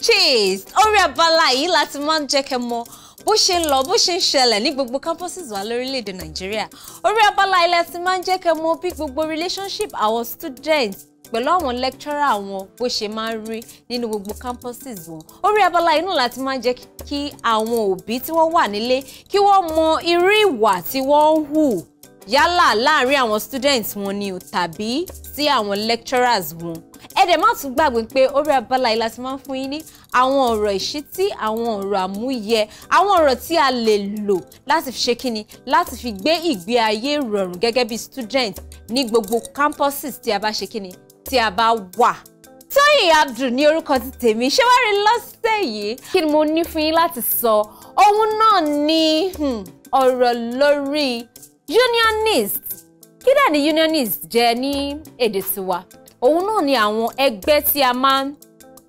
Gist orí abala yìí láti máa ń jẹ́ kẹ́ mọ̀ bó ṣe ń lọ bó ṣe ń ṣẹlẹ̀ ní gbogbo campuses wa lórílẹ̀‐èdè nàìjíríà orí abala ilẹ̀ ti máa ń jẹ́ kẹ́ mọ̀ bí gbogbo relationship our students pẹ̀lú àwọn lecturer àwọn bó ṣe máa ń rí nínú gbogbo campuses wọn orí abala inú láti máa ń jẹ́ kí àwọn òbí tí wọ́n wà nílé kí wọ́n mọ̀ irú ìwà tí wọ́n ń hù yálà láàárín àwọn students wọn ni o tàbí sí àwọn lecturers wọn ẹ dẹ̀ má tún gbàgbé pé orí abala yìí láti máa ń fún yín ní àwọn ọ̀rọ̀ ìṣítí àwọn ọ̀rọ̀ àmúyẹ àwọn ọ̀rọ̀ tí a lè lò láti fi ṣe kínni láti fi gbé ìgbé ayé rọrùn gẹ́gẹ́ bí student ní gbogbo campuses tí a bá ṣe kínni tí a bá wà. Tóyìn Abdul ní orúkọ ti tèmi ṣé wàá rí lọ́sẹ̀ yìí kí ni mo ní fún yín láti sọ ohun náà ni hmm, ọ̀rọ̀ lórí unionist kí ni unionist jẹ́ ní èdè tiwa òun náà ni àwọn ẹgbẹ́ tí a máa ń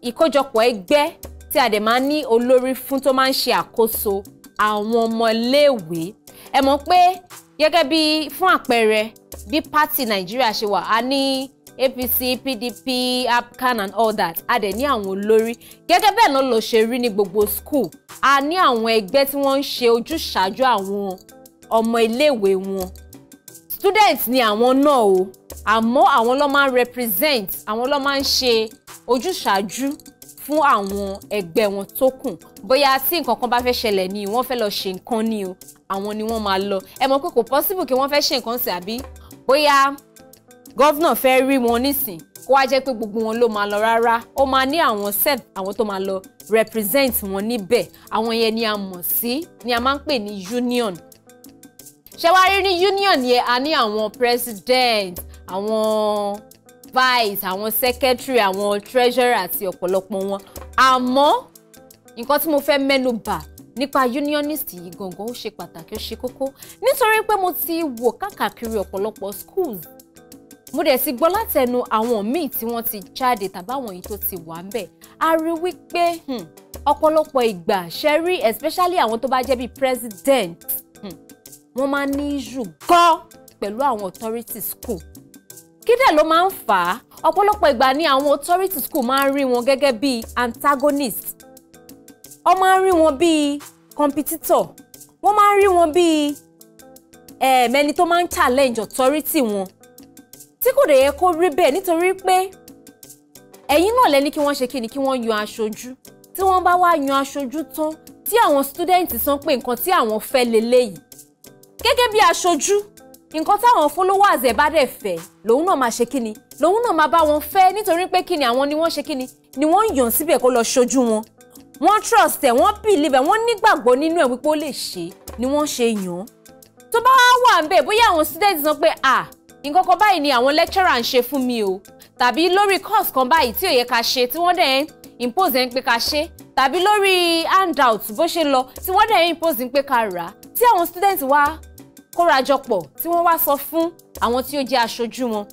ìkójọpọ̀ ẹgbẹ́ tí a dẹ̀ máa ń ní olórí fún tó máa ń ṣe àkóso àwọn ọmọléèwé ẹ mọ̀ pé gẹ́gẹ́ bí fún àpẹẹrẹ bí pátì nàìjíríà ṣe wà a ní apc pdp apcan and all that a dẹ̀ ní àwọn olórí gẹ́gẹ́ bẹ́ẹ̀ náà ló ṣe rí ní gbogbo school a ní àwọn ẹgbẹ́ tí wọ́n ń ṣe ojúṣàájú àwọn ọmọ iléèwé wọn students ni àwọn náà o àmọ́ àwọn ló máa ń represent àwọn ló máa ń ṣe ojúṣàájú fún àwọn ẹgbẹ́ wọn tó kù bóyá tí nǹkan bá fẹ́ ṣẹlẹ̀ ni wọ́n fẹ́ lọ ṣe nǹkan ni o àwọn ni wọ́n máa lọ ẹ mọ̀ pé kò possible kí wọ́n fẹ́ ṣe nǹkan sí àbí bóyá gọ́vnà fẹ́ rí wọn nísìn kó wá jẹ́ pé gbogbo wọn ló máa lọ rárá ó máa ní àwọn set àwọn tó máa lọ represent wọn níbẹ̀ àwọn yẹn ni a mọ̀ sí ni a máa ń pè ní union ṣé wàá rí ní union yẹn a ní àwọn president àwọn vice àwọn secretary àwọn treasurer àti ọ̀pọ̀lọpọ̀ wọn àmọ́ nǹkan tí mo fẹ́ mẹ́nu bà nípa unionist yìí gangan ó ṣe pàtàkì ó ṣe kókó nítorí pé mo ti wò káàkiri ọ̀pọ̀lọpọ̀ schools mo dẹ̀ ti gbọ́ látẹnu àwọn míì tí wọ́n ti jáde tàbáwọn yìí tó ti wà ń bẹ̀ a rí wípé hmm, ọ̀pọ̀lọpọ̀ ìgbà ṣe rí especially àwọn tó bá jẹ́ bíi president hmm, wọ́n máa ń ní issue gan pẹ̀lú àwọn authority school kí dẹ̀ ló máa ń fà á ọ̀pọ̀lọpọ̀ ìgbà ni àwọn authority school máa ń rí wọn gẹ́gẹ́ bí antagonist wọ́n máa ń rí wọn bí competitor wọ́n máa ń rí wọn bí ẹ̀ẹ̀mẹni tó máa ń challenge authority wọn tí kò dẹ̀ yẹ kó rí bẹ́ẹ̀ nítorí pé ẹ̀yin náà lẹ́ni kí wọ́n ṣe kí ni kí wọ́n yan aṣojú tí wọ́n bá wá yan aṣojú tán tí àwọn student san pé nǹkan tí àwọn fẹ́ leléyìí gẹ́gẹ́ bí aṣojú nǹkan táwọn followers ẹ̀ bá dẹ̀ fẹ́ lòun náà máa ṣe kíni lòun náà máa bá wọn fẹ́ nítorí pé kíni àwọn ni wọ́n ṣe kíni ni wọ́n ń yàn síbẹ̀ kó lọ ṣojú wọn wọ́n trust ẹ̀ wọ́n believe ẹ̀ wọ́n nígbàgbọ́ nínú ẹ̀ wípé ó lè ṣe ni wọ́n ṣe yàn án tó bá wà ń bẹ̀ bóyá àwọn students sọ pé à nǹkan kan báyìí ni àwọn lecturer ń ṣe fún mi o tàbí lórí course kan báyìí tí ò yẹ ká ṣe tí wọ́n dẹ̀ ń impose ẹ̀ ń pé ká ṣe tàbí lórí handout bó ṣe lọ tí wọ́n dẹ̀ ń impose ń pé ká rà tí àwọn students wá kórajọpọ̀ tí wọ́n wá sọ fún àwọn tí ó jẹ́ aṣojú wọn.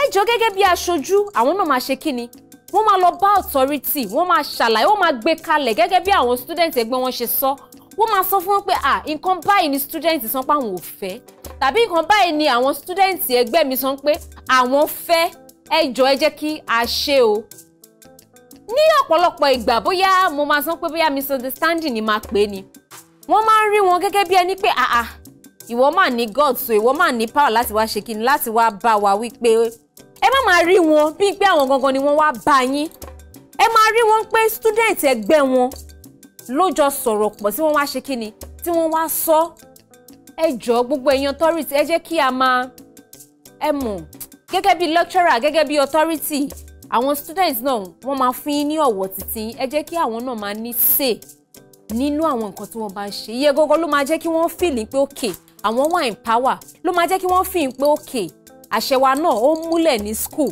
ẹ jọ gẹ́gẹ́ bí aṣojú àwọn náà máa ṣe kí ni wọ́n máa lọ bá authority wọ́n máa ṣàlàyé wọ́n máa gbé kalẹ̀ gẹ́gẹ́ bí àwọn student ẹgbẹ́ wọn ṣe sọ wọ́n máa sọ fún wọn pé à nǹkan báyìí ni student san pé àwọn ò fẹ́ tàbí nǹkan báyìí ni àwọn student ẹgbẹ́ mi san pé àwọn fẹ́ ẹ jọ ẹ jẹ́ kí a ṣe o ní ọ̀pọ̀lọpọ̀ ìgbà bóyá mo máa san pé bóyá misunderstanding ni máa pè é ni wọ́n máa ń rí wọn gẹ́gẹ́ bí ẹni pé àà ìwọ mà ní god so ìwọ mà ní power láti wá ṣe kíni láti wá bá wa wípé ẹ má máa rí wọn bíi pé àwọn gangan ni wọ́n wá bá yín ẹ máa rí wọn pé student ẹgbẹ́ wọn ló jọ sọ̀rọ̀ pọ̀ tí wọ́n wá ṣe kíni tí wọ́n wá sọ ẹ jọ gbogbo ẹ̀yin authority ẹ jẹ́ kí a máa ẹ mọ̀ gẹ́gẹ́ bí lecturer gẹ́gẹ́ bí authority àwọn students náà wọ́n máa fún yín ní ọ̀wọ̀ títí ẹ jẹ́ kí àwọn náà máa ní say nínú àwọn nǹkan tí wọ́n bá ń ṣe iye gógó ló máa jẹ́ kí wọ́n fìlì pé òkè okay àwọn wà in power ló máa jẹ́ kí wọ́n fi hàn pé òkè àṣẹ wa náà ó múlẹ̀ ní school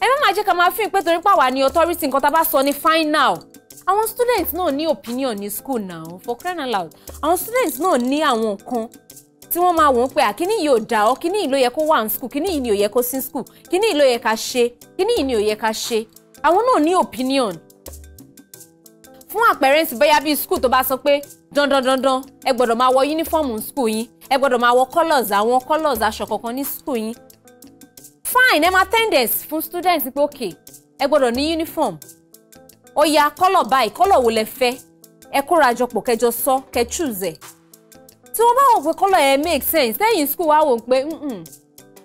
ẹ má máa jẹ́ ká máa fi hàn pé torí pàwá ni authority nǹkan tá a bá sọ ní final àwọn students náà ní opinion ní school now for crying out loud àwọn students náà ní àwọn nǹkan tí wọ́n máa wò ó pé àkíní yìí ò dá ọ kíní yìí ló yẹ kó wà ní skul kíní yìí ni ò yẹ kó sí skul kíní yìí ló yẹ ká ṣe kíní yìí ni ò yẹ ká ṣe àwọn náà ní opinion. fún àpẹẹrẹ ǹsì bóyá bíi skul tó bá sọ pé dandan dandan ẹ gbọ́dọ̀ máa wọ yúnífọ́ọ̀mù skul yín ẹ gbọ́dọ̀ máa wọ colours àwọn colours aṣọ kankan ní school yín fine ẹ máa attendance fún students pé ok ẹ gbọ́dọ̀ ní uniform Oya ya colour báyìí colour wo lẹ fẹ́ ẹ kóra jọpọ̀ kẹjọ sọ kẹ choose ẹ̀ tí wọ́n bá wọ̀ pé colour yẹn make sense lẹ́yìn school wá wò ó pé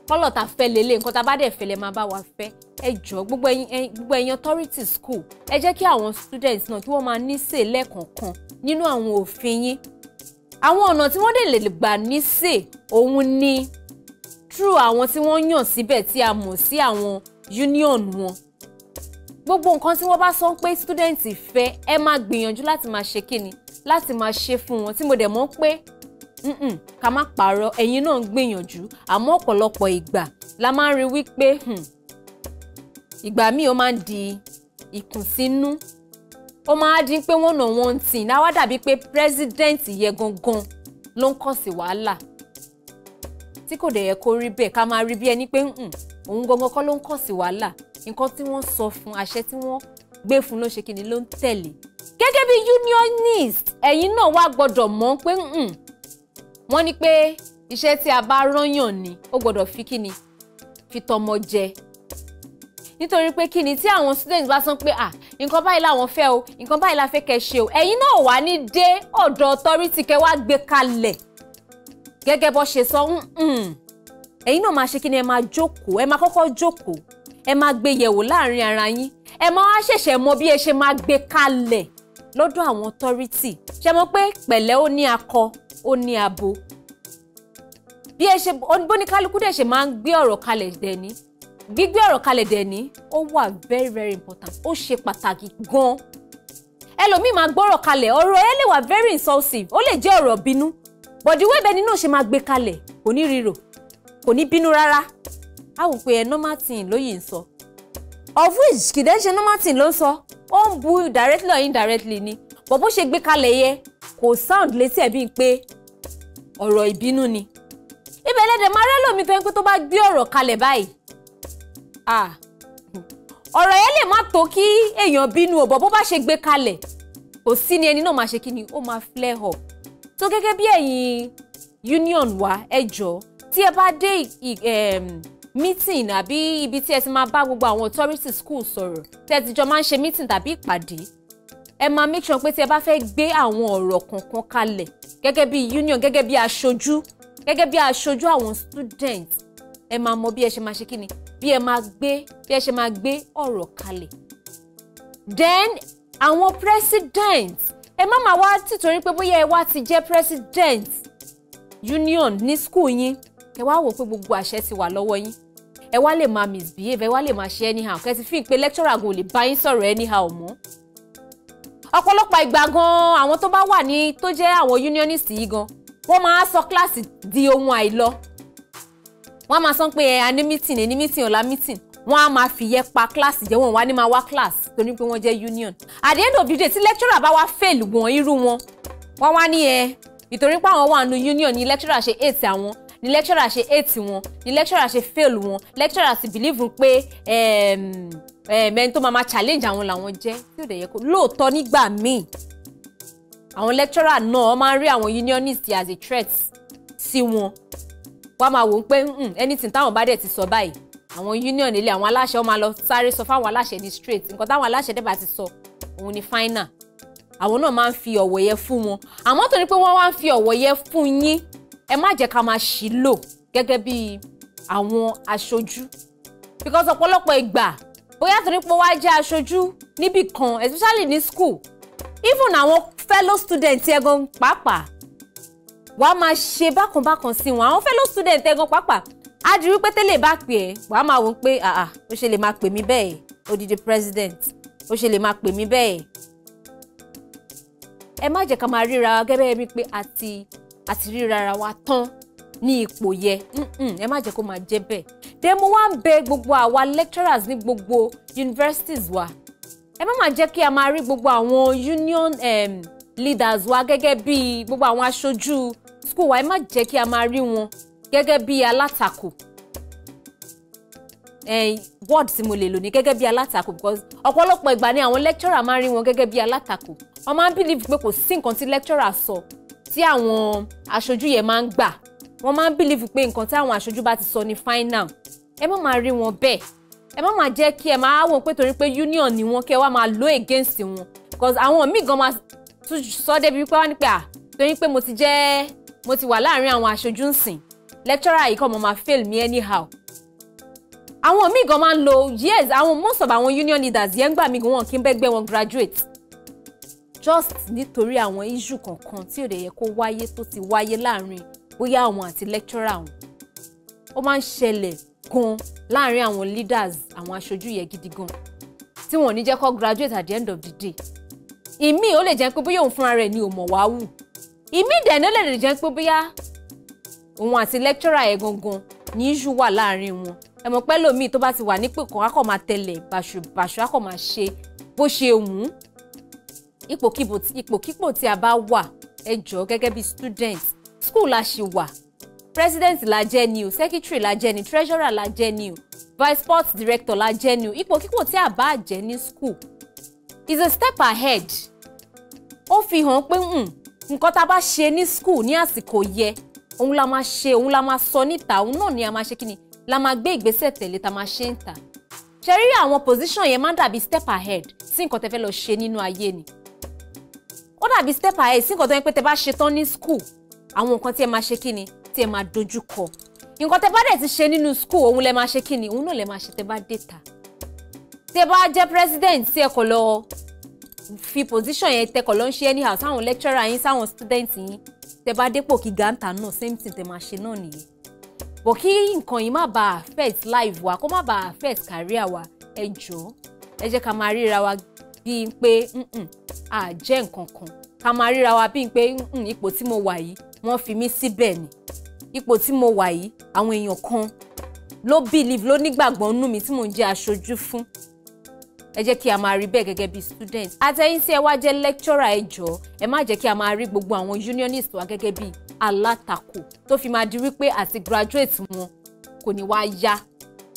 kọ́lọ̀ tá fẹ́ lélẹ̀ nǹkan tá bá dẹ̀ fẹ́ lẹ́ máa bá wa fẹ́ ẹ jọ gbogbo ẹ̀yin authority school ẹ jẹ́ kí àwọn students náà kí wọ́n máa ní sè lẹ́ẹ̀kọ̀ọ̀kan nínú àwọn òfin yín àwọn ọ̀nà tí wọ́n dẹ̀ lè gbà ní sè òun ni through àwọn tí wọ́n yàn síbẹ̀ tí a mọ̀ sí àwọn union wọn gbogbo nǹkan tí wọ́n bá sọ pé student fẹ́ ẹ máa gbìyànjú láti máa ṣe kíni láti máa ṣe fún wọn tí mo dẹ̀ mọ̀ pé mm-mm, ká má parọ́ ẹ̀yin náà ń gbìyànjú àmọ́ ọ̀pọ̀lọpọ̀ ìgbà la máa ń rí wípé hmm, ìgbà míì ó máa ń di ìkùnsínú ó máa dín pé wọ́n nà wọ́n tì náà wá dàbí pé pírẹ́sídẹ́ǹtì yẹ gangan ló ń kàn sí wàhálà tí kò dẹ̀ yẹ kó rí bẹ́ẹ̀ ká máa rí bí ẹni pé hmm, òun gangan kọ́ ló ń kàn sí wàhálà nǹkan tí wọ́n sọ fún àṣẹ tí wọ́n gbé fún ló ṣe kí ni ló ń tẹ̀lé gẹ́gẹ́ bí unionist ẹ̀yin náà wá gbọ́dọ̀ mọ̀ pé hmm, wọ́n ní pé iṣẹ́ tí a bá rányàn ni ó gbọ́dọ̀ fi kí ni fi tọmọ jẹ nítorí pé kí ni tí àwọn students bá sọ pé ah nǹkan báyìí làwọn fẹ́ o nǹkan báyìí la fẹ́ kẹ́ ṣe o ẹ̀yin náà wà ní dé ọ̀dọ̀ authority kẹ́ wá gbé kalẹ̀ gẹ́gẹ́ bó ṣe sọ ẹ̀yin náà máa ṣe kí ni ẹ máa jókòó ẹ máa kọ́kọ́ jókòó ẹ máa gbé yẹ̀wò láàrin ara yín ẹ máa wá ṣẹ̀ṣẹ̀ mọ bí ẹ ṣe máa gbé kalẹ̀ lọ́dọ̀ àwọn authority ṣe mọ̀ pé pẹ̀lẹ́ ó ní akọ ó ní abo bí ẹ ṣe bóníkálukú dẹ̀ ṣe máa ń gbé ọ̀rọ̀ kalẹ̀ dẹ̀ ní gbígbé ọ̀rọ̀ kalẹ̀ dẹ̀ ní ó wà very very important ó ṣe pàtàkì gan-an ẹlòmíì máa gbọ́rọ̀ kalẹ̀ ọ̀rọ̀ ẹ lè wà very insulsive ó lè jẹ́ ọ̀rọ̀ bínú way wẹ́bẹ̀ nínú ṣe máa gbé kalẹ̀ kò ní ríro kò ní bínú rárá a wò pé ẹ normal thing ló yìí ń sọ of which kì ṣe normal thing ló ń sọ ó ń bu directly or indirectly ni bọ̀ bó ṣe gbé kalẹ̀ yẹ kò sound létí ẹ̀ bíi pé ọ̀rọ̀ ìbínú ni ibẹ̀ lẹ́dẹ̀ máa rẹ́ lómi tó ń pé tó bá gbé ọ̀rọ̀ kalẹ̀ báyìí ọ̀rọ̀ yẹn lè má tó kí èèyàn bínú ọ̀bọ̀ bó bá ṣe gbé kalẹ̀ kò sí ni ẹni náà máa ṣe kí ni ó máa flare up tó gẹ́gẹ́ bí ẹ̀yin union wa ẹ jọ̀ọ́ tí ẹ bá dé meeting àbí ibi tí ẹ ti máa bá gbogbo àwọn authority school sọ̀rọ̀ tẹ́ ẹ ti jọ máa ń ṣe meeting tàbí ìpàdé ẹ máa make sure pé tí ẹ bá fẹ́ gbé àwọn ọ̀rọ̀ kankan kalẹ̀ gẹ́gẹ́ bí union gẹ́gẹ́ bí aṣojú gẹ́gẹ́ bí aṣojú àwọn students ẹ máa mọ bí ẹ ṣe máa ṣe kí ni bí ẹ máa gbé bí ẹ ṣe máa gbé ọ̀rọ̀ kalẹ̀ then àwọn president ẹ má máa wá tìtorí pé bóyá ẹ wá ti jẹ́ president union ní school yín ẹ wá wò pé gbogbo àṣẹ ti wà lọ́wọ́ yín ẹ wá lè máa misbehave ẹ wá lè máa ṣe anyhow kẹ́ ti fi pé lecturer go lè bá yín sọ̀rọ̀ anyhow mọ́ ọ̀pọ̀lọpọ̀ ìgbà gan-an àwọn tó bá wà ní tó jẹ́ àwọn unionist yìí gan wọ́n máa sọ kíláàsì di ohun àìlọ wọ́n á máa sọ pé ẹ a ní meeting? ẹ ní mítìn ọ̀la mítìn wọ́n á máa fi yẹ pa class, jẹ́ wọn wá ní máa wá kíláàsì torí pé wọ́n jẹ́ union at the end of the day tí lecturer bá wá fail wọn irú wọn wọ́n wá ní ẹ ìtorí pé àwọn wà nù union ni lecturer ṣe eight àwọn ni lecturer ṣe eight wọn ni lecturer ṣe fail wọn lecturer sì believe pé ẹni tó máa máa challenge àwọn làwọn jẹ́ tí ò dẹ̀ yẹ kó lóòótọ́ nígbà míì àwọn lecturer náà máa ń rí àwọn unionist as a threat sí wọn wọ́n máa wò ó pé hmm, anything táwọn bá dẹ̀ ti sọ báyìí àwọn union ilé àwọn aláṣẹ wọn máa lọ sáré sọ fáwọn aláṣẹ ní straight nǹkan táwọn aláṣẹ dẹ̀ bá ti sọ òun ni final àwọn náà máa ń fi ọ̀wọ̀ yẹ fún wọn àmọ́ torí pé wọ́n wá ń fi ọ̀wọ̀ yẹ fún yín ẹ má jẹ́ ká máa ṣì lò gẹ́gẹ́ bí àwọn aṣojú because ọ̀pọ̀lọpọ̀ ìgbà bóyá torí pé wá jẹ́ aṣojú níbì especially ní school even àwọn fellow students yẹn gan pàápàá wà á máa ṣe bákanbákan sí wọn àwọn fellow student ẹ̀gan pàápàá á di wípé tẹ́lẹ̀ bá pè ẹ́ wà máa wò ó pé ó ṣe lè máa pè mí bẹ́ẹ̀ odidi president ó ṣe lè máa pè mí bẹ́ẹ̀. ẹ má jẹ́ ká máa ríra wa gẹ́gẹ́ bí pé àti àti ríra ara wa tán ní ipò yẹ ẹ má jẹ́ kó máa jẹ́ bẹ́ẹ̀. dẹ́ mo wá ń bẹ gbogbo àwa lecturers ní gbogbo universities wa ẹ má máa jẹ́ kí a máa rí gbogbo àwọn union um, leaders wa gẹ́gẹ́ bí gbogbo àwọn aṣojú school wa ẹ má jẹ́ kí a máa rí wọn gẹ́gẹ́ bí alátakò word tí mo lè lò ní gẹ́gẹ́ bí alátakò because ọ̀pọ̀lọpọ̀ ìgbà ni àwọn lecturer máa ń rí wọn gẹ́gẹ́ bí alátakò wọ́n believe pé kò sí nǹkan tí lecturer sọ tí àwọn aṣojú yẹn máa ń gbà wọ́n believe pé nǹkan tí àwọn aṣojú bá ti sọ ní final ẹ má máa rí wọn bẹ́ẹ̀ ẹ má máa jẹ́ kí ẹ máa wò pé torí pé union ni wọ́n kẹ́ wá máa lo against wọn because àwọn mi gan máa tún sọ débi pé wọ́n á ní pé à torí pé mo ti jẹ́ mo ti wà láàrin àwọn aṣojú nsìn lecturer yìí kọ́ mo máa fail me anyhow. àwọn míì gan máa ń lo years àwọn most of àwọn union leaders yẹn ń gbà mí gan wọn kí n bẹ́gbẹ́ wọn graduate just nítorí àwọn issue kankan tí ò dẹ̀ yẹ kó wáyé tó ti wáyé láàrin bóyá àwọn àti lecturer àwọn ó máa ń ṣẹlẹ̀ gan láàrin àwọn leaders àwọn aṣojú yẹn gidi gan tí wọn ò ní jẹ́ kó graduate at the end of the day ìmíì ó lè jẹ́ pé bóyá òun fúnra rẹ̀ ni ò mọ̀ wá wù ìmí ìdẹ̀nà lè lè jẹ́ pé bóyá òun àti lẹ́kítọ́rà ẹ̀ gangan ní í ṣù wà láàrin wọn ẹ mọ̀ pẹ́ lómi tó bá ti wà nípò kan akọ̀ máa tẹ̀lẹ̀ bàṣubàṣu akọ̀ máa ṣe bó ṣe wù ú ipòkípò tí a bá wà ẹ jọ̀ọ́ gẹ́gẹ́ bí student school la ṣì wà president la jẹ́ ni o secretary la jẹ́ ni treasurer la jẹ́ ni o vice sports director la jẹ́ ni o ipòkípò tí a bá jẹ́ ní school is a step ahead ó fi hàn pé hmm, nǹkan tá a bá ṣe ní school ní àsìkò yẹ òun la máa ṣe òun la máa sọ níta òun náà ni a máa ṣe kí ni la máa gbé ìgbésẹ̀ tẹ̀lé tá a máa ṣe ń ta ṣe rí àwọn position yẹn máa ń dàbí step ahead sí nǹkan tẹ́ fẹ́ lọ ṣe nínú ayé ni ó dàbí step ahead sí nǹkan tó yẹ pé tẹ́ bá ṣe tán ní school àwọn nǹkan tí ẹ máa ṣe kí ni tí ẹ máa dojú kọ nǹkan tẹ́ bá dẹ̀ ti ṣe nínú school òun lẹ máa ṣe kí ni òun náà lẹ máa ṣe tẹ́ bá dé ta tẹ́ bá jẹ́ president tí ẹ kò lọ fi position yẹn tẹkọ̀ ló ń ṣe anyhow sáwọn lecturer yín sáwọn students yín tẹ bá dépò kí gàǹtà náà same thing tẹ máa ṣe náà nìyẹn bọ̀ kí nǹkan yìí má bàa affect life wa kó má bàa affect career wa ẹ jọ̀ọ́ ẹ jẹ́ ká máa ríra wa bíi pé a jẹ́ nǹkan kan ká máa ríra wa bíi pé ipò tí mo wà yìí wọ́n fi mí síbẹ̀ ni ipò tí mo wà yìí àwọn èèyàn kan ló believe ló nígbàgbọ́ nú mi tí mò ń jẹ́ aṣojú fún ẹ jẹ́ kí a máa rí bẹ́ẹ̀ gẹ́gẹ́ bí student àtẹ̀yìn tí ẹ wá jẹ́ lecturer ẹ jọ̀ọ́ ẹ má jẹ́ kí a máa rí gbogbo àwọn unionist wa gẹ́gẹ́ bí alátakò tó fi máa di wípé àti graduate wọn kò ní wá yá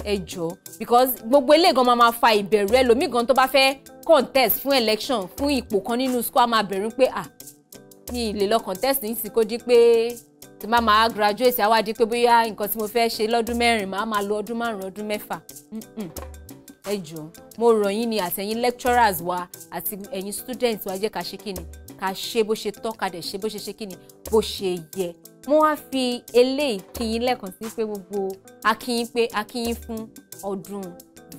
ẹ jọ̀ọ́ because gbogbo eléyìí gan máa ma fa ìbẹ̀rù ẹlòmíì gan tó bá fẹ́ contest fún election fún ipò kan nínú school a máa bẹ̀rù pé ah ní ilé lọ contest ní ti kó di pé tí máa máa graduate àwa di pé bóyá nǹkan tí mo fẹ́ ṣe lọ́dún mẹ́rin máa máa lo ọdún márùn-ún ọdún mẹ́fà ẹ jọ mo rọ̀ yín ni àtẹ̀yìn lecturers wa àti ẹ̀yin students wa jẹ́ ká ṣe kí ni ká ṣe bó ṣe tọ́ ká dẹ̀ ṣe bó ṣe ṣe kí ni bó ṣe yẹ mo wá fi eléyìí kí yín lẹ́ẹ̀kan sí pé gbogbo akíyín pé akíyín fún ọdún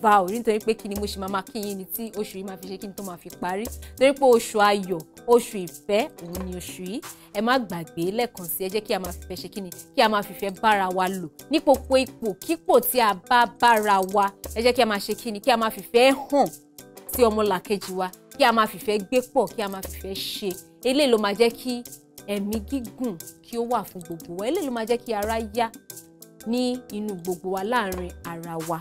val nítorí pé kí ni mo ṣe máa máa kí yín ni tí oṣù yìí máa fi ṣe kí ni tó máa fi parí torí pé oṣù ayọ̀ oṣù ìfẹ́ òun ni oṣù yìí ẹ má gbàgbé lẹ́ẹ̀kan sí ẹ jẹ́ kí a máa fìfẹ́ ṣe kí ni kí a máa fìfẹ́ bára wa lò ní gbogbo ipò kípò tí a bá bára wa ẹ jẹ́ kí a máa ṣe kí ni kí a máa fìfẹ́ hàn sí ọmọlàkejì wa kí a máa fìfẹ́ gbé pọ̀ kí a máa fìfẹ́ ṣe eléyìí ló máa jẹ́ kí ẹ̀mí gígùn kí ó wà fún gbogbo wa eléyìí ló máa jẹ́ kí ara yá ní inú gbogbo wa láàrin ara wa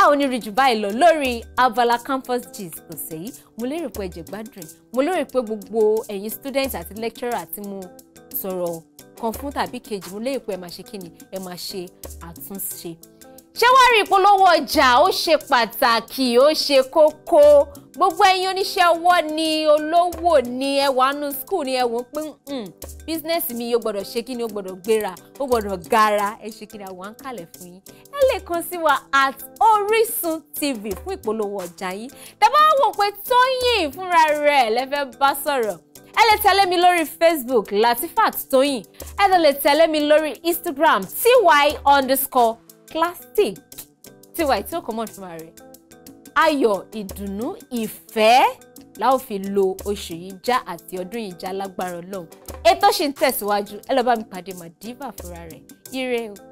a ò ní rí jù báyìí lọ lórí abala campus gist ọ̀sẹ̀ yìí mo lérò pé ẹ̀jẹ̀ gbádùn ẹ̀ mo lérò pé gbogbo ẹ̀yin students àti lecturer tí mo sọ̀rọ̀ kan fún tàbí kejì mo lérò pé ẹ máa ṣe kíni ẹ máa ṣe àtúnṣe ṣé wàá rí ìpolówó ọjà ó ṣe pàtàkì ó ṣe kókó gbogbo ẹ̀yin oníṣẹ́ ọwọ́ ni olówó ni ẹwà nù skul ni ẹwà pín hmm, business mi yóò gbọ́dọ̀ ṣe kí ni ó gbọ́dọ̀ gbéra ó gbọ́dọ̀ gara ẹ ṣe kí ni àwọn à ń kalẹ̀ fún yín ẹ lè kàn sí wa at Orísun TV fún ìpolówó ọjà yín tẹ́ bá wò pé Tóyìn fúnra rẹ̀ lẹ́fẹ́ bá sọ̀rọ̀ ẹ lè tẹ̀lé mi lórí Facebook Latifat Tóyìn ẹ lè tẹ̀lé mi lórí Instagram ty underscore classic tiwa tí ó common fún rẹ̀ ayọ̀ ìdùnnú ìfẹ́ la ó fi lo oṣù yìí já àti ọdún yìí já lágbára ọlọ́run ètò ṣì ń tẹ̀síwájú ẹ lọ́ọ́ bá mi pàdé màdìbà fúnra rẹ̀ ire o.